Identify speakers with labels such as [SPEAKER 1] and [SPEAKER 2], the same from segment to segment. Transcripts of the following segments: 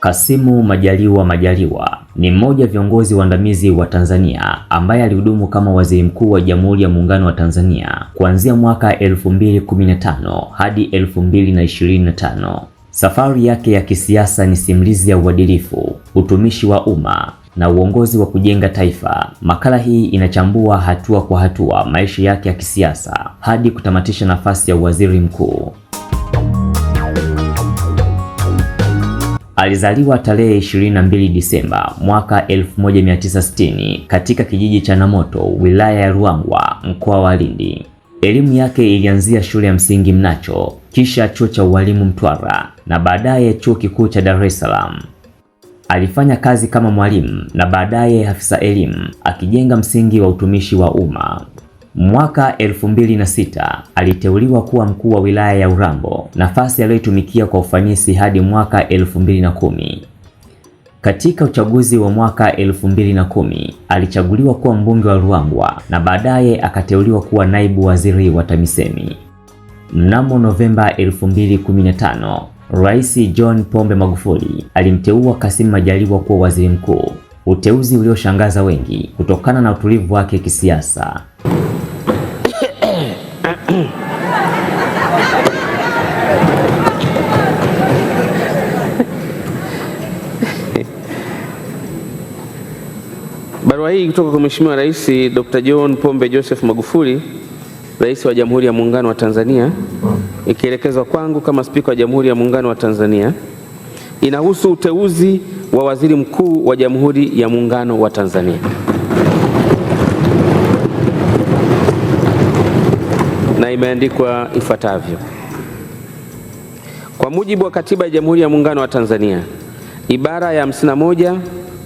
[SPEAKER 1] Kasimu Majaliwa Majaliwa ni mmoja viongozi waandamizi wa Tanzania ambaye alihudumu kama Waziri Mkuu wa Jamhuri ya Muungano wa Tanzania kuanzia mwaka 2015 hadi 2025. Safari yake ya kisiasa ni simulizi ya uadilifu, utumishi wa umma na uongozi wa kujenga taifa. Makala hii inachambua hatua kwa hatua maisha yake ya kisiasa hadi kutamatisha nafasi ya Waziri Mkuu. Alizaliwa tarehe 22 Disemba mwaka 1960 katika kijiji cha Namoto, wilaya ya Ruangwa, mkoa wa Lindi. Elimu yake ilianzia shule ya msingi Mnacho, kisha chuo cha ualimu Mtwara na baadaye chuo kikuu cha Dar es Salaam. Alifanya kazi kama mwalimu na baadaye afisa elimu, akijenga msingi wa utumishi wa umma. Mwaka 2006 aliteuliwa kuwa mkuu wa wilaya ya Urambo, nafasi aliyoitumikia kwa ufanisi hadi mwaka 2010. Katika uchaguzi wa mwaka 2010 alichaguliwa kuwa mbunge wa Ruangwa na baadaye akateuliwa kuwa naibu waziri wa TAMISEMI. Mnamo Novemba 2015, Rais John Pombe Magufuli alimteua Kassim Majaliwa kuwa waziri mkuu, uteuzi ulioshangaza wengi kutokana na utulivu wake kisiasa.
[SPEAKER 2] Barua hii kutoka kwa Mheshimiwa Rais Dr. John Pombe Joseph Magufuli, Rais wa Jamhuri ya Muungano wa Tanzania, ikielekezwa kwangu kama Spika wa Jamhuri ya Muungano wa Tanzania, inahusu uteuzi wa Waziri Mkuu wa Jamhuri ya Muungano wa Tanzania. Na imeandikwa ifuatavyo: Kwa mujibu wa Katiba ya Jamhuri ya Muungano wa Tanzania, ibara ya 51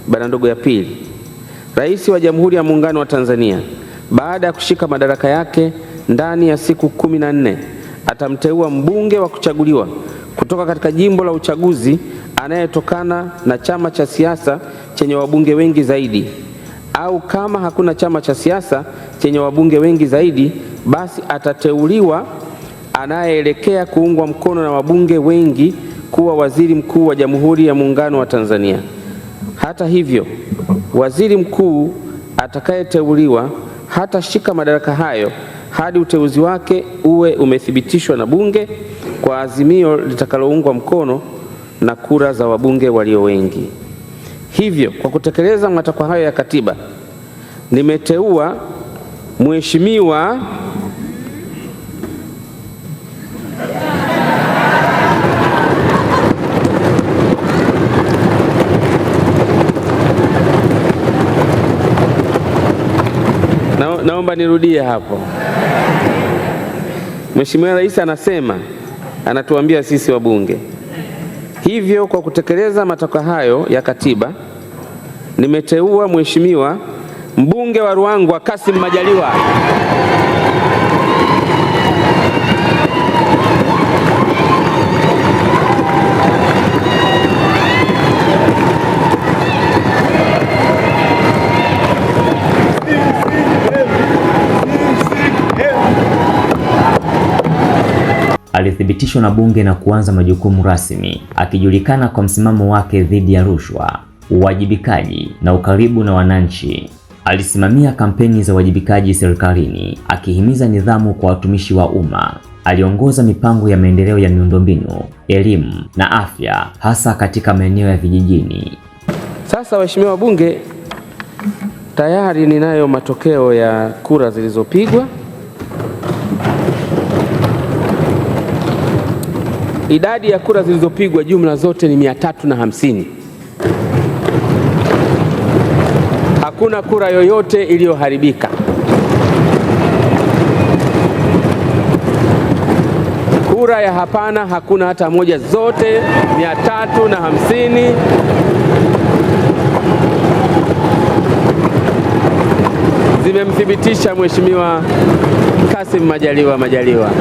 [SPEAKER 2] bara ndogo ya pili Rais wa Jamhuri ya Muungano wa Tanzania baada ya kushika madaraka yake ndani ya siku kumi na nne atamteua mbunge wa kuchaguliwa kutoka katika jimbo la uchaguzi anayetokana na chama cha siasa chenye wabunge wengi zaidi, au kama hakuna chama cha siasa chenye wabunge wengi zaidi, basi atateuliwa anayeelekea kuungwa mkono na wabunge wengi kuwa waziri mkuu wa Jamhuri ya Muungano wa Tanzania. Hata hivyo, waziri mkuu atakayeteuliwa hatashika madaraka hayo hadi uteuzi wake uwe umethibitishwa na bunge kwa azimio litakaloungwa mkono na kura za wabunge walio wengi. Hivyo, kwa kutekeleza matakwa hayo ya katiba, nimeteua Mheshimiwa na, naomba nirudie hapo. Mheshimiwa Rais anasema anatuambia sisi wabunge hivyo, kwa kutekeleza matakwa hayo ya katiba, nimeteua Mheshimiwa mbunge wa Ruangwa Kasim Majaliwa
[SPEAKER 1] alithibitishwa na bunge na kuanza majukumu rasmi, akijulikana kwa msimamo wake dhidi ya rushwa, uwajibikaji na ukaribu na wananchi. Alisimamia kampeni za uwajibikaji serikalini, akihimiza nidhamu kwa watumishi wa umma. Aliongoza mipango ya maendeleo ya miundombinu, elimu na afya, hasa katika maeneo ya vijijini.
[SPEAKER 2] Sasa waheshimiwa wabunge, tayari ninayo matokeo ya kura zilizopigwa. Idadi ya kura zilizopigwa jumla zote ni mia tatu na hamsini. Hakuna kura yoyote iliyoharibika. Kura ya hapana hakuna hata moja, zote mia tatu na hamsini. Zimemthibitisha Mheshimiwa Kassim Majaliwa Majaliwa.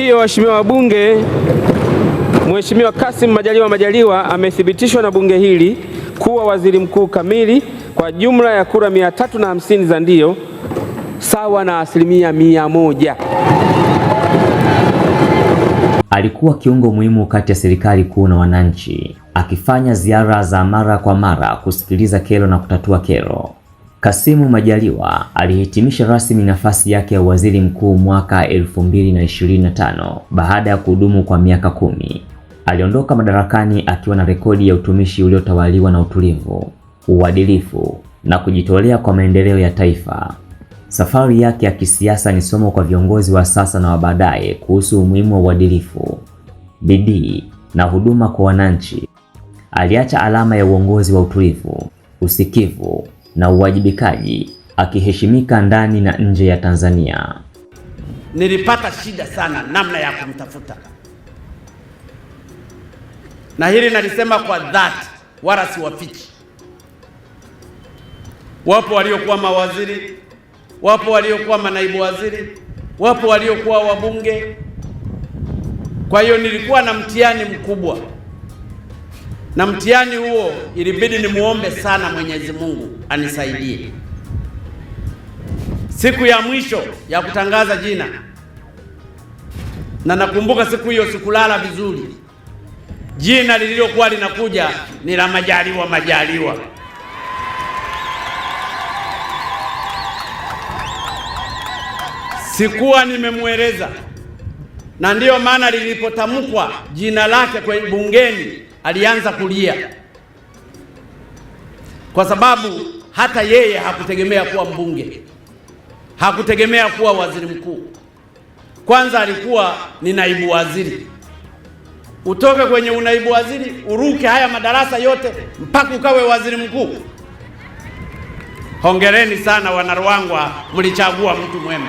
[SPEAKER 2] hiyo, waheshimiwa wabunge, Mheshimiwa Kassim Majaliwa Majaliwa amethibitishwa na bunge hili kuwa waziri mkuu kamili kwa jumla ya kura na hamsini za ndio sawa na asilimia mia moja.
[SPEAKER 1] Alikuwa kiungo muhimu kati ya serikali kuu na wananchi, akifanya ziara za mara kwa mara kusikiliza kero na kutatua kero. Kasimu Majaliwa alihitimisha rasmi nafasi yake ya Waziri Mkuu mwaka 2025 baada ya kuhudumu kwa miaka kumi. Aliondoka madarakani akiwa na rekodi ya utumishi uliotawaliwa na utulivu, uadilifu na kujitolea kwa maendeleo ya taifa. Safari yake ya kisiasa ni somo kwa viongozi wa sasa na wa baadaye kuhusu umuhimu wa uadilifu, bidii na huduma kwa wananchi. Aliacha alama ya uongozi wa utulivu, usikivu na uwajibikaji akiheshimika ndani na nje ya Tanzania.
[SPEAKER 2] Nilipata shida sana namna ya kumtafuta, na hili nalisema kwa dhati, wala siwafichi. Wapo waliokuwa mawaziri, wapo waliokuwa manaibu waziri, wapo waliokuwa wabunge. Kwa hiyo nilikuwa na mtihani mkubwa na mtihani huo ilibidi nimuombe sana Mwenyezi Mungu anisaidie. Siku ya mwisho ya kutangaza jina, na nakumbuka siku hiyo sikulala vizuri. Jina lililokuwa linakuja ni la Majaliwa Majaliwa. Sikuwa nimemweleza, na ndiyo maana lilipotamkwa jina lake kwa bungeni alianza kulia kwa sababu hata yeye hakutegemea kuwa mbunge, hakutegemea kuwa waziri mkuu. Kwanza alikuwa ni naibu waziri, utoke kwenye unaibu waziri uruke haya madarasa yote mpaka ukawe waziri mkuu. Hongereni sana wanarwangwa mlichagua mtu mwema,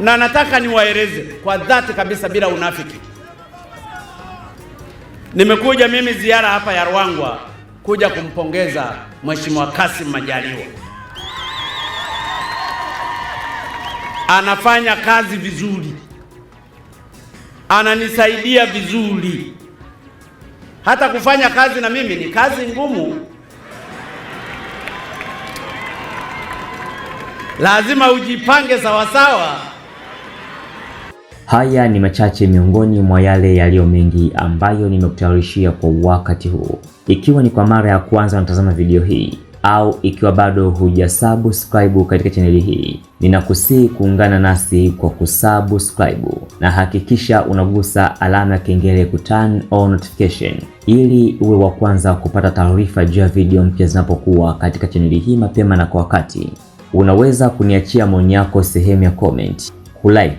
[SPEAKER 2] na nataka niwaeleze kwa dhati kabisa bila unafiki Nimekuja mimi ziara hapa ya Ruangwa kuja kumpongeza Mheshimiwa Kassim Majaliwa, anafanya kazi vizuri, ananisaidia vizuri. Hata kufanya kazi na mimi ni kazi ngumu, lazima ujipange sawasawa
[SPEAKER 1] Haya ni machache miongoni mwa yale yaliyo mengi ambayo nimekutayarishia kwa wakati huu. Ikiwa ni kwa mara ya kwanza unatazama video hii au ikiwa bado hujasubscribe katika chaneli hii, ninakusihi kuungana nasi kwa kusubscribe na hakikisha unagusa alama ya kengele ku turn on notification ili uwe wa kwanza kupata taarifa juu ya video mpya zinapokuwa katika chaneli hii mapema na kwa wakati. Unaweza kuniachia maoni yako sehemu ya comment, kulike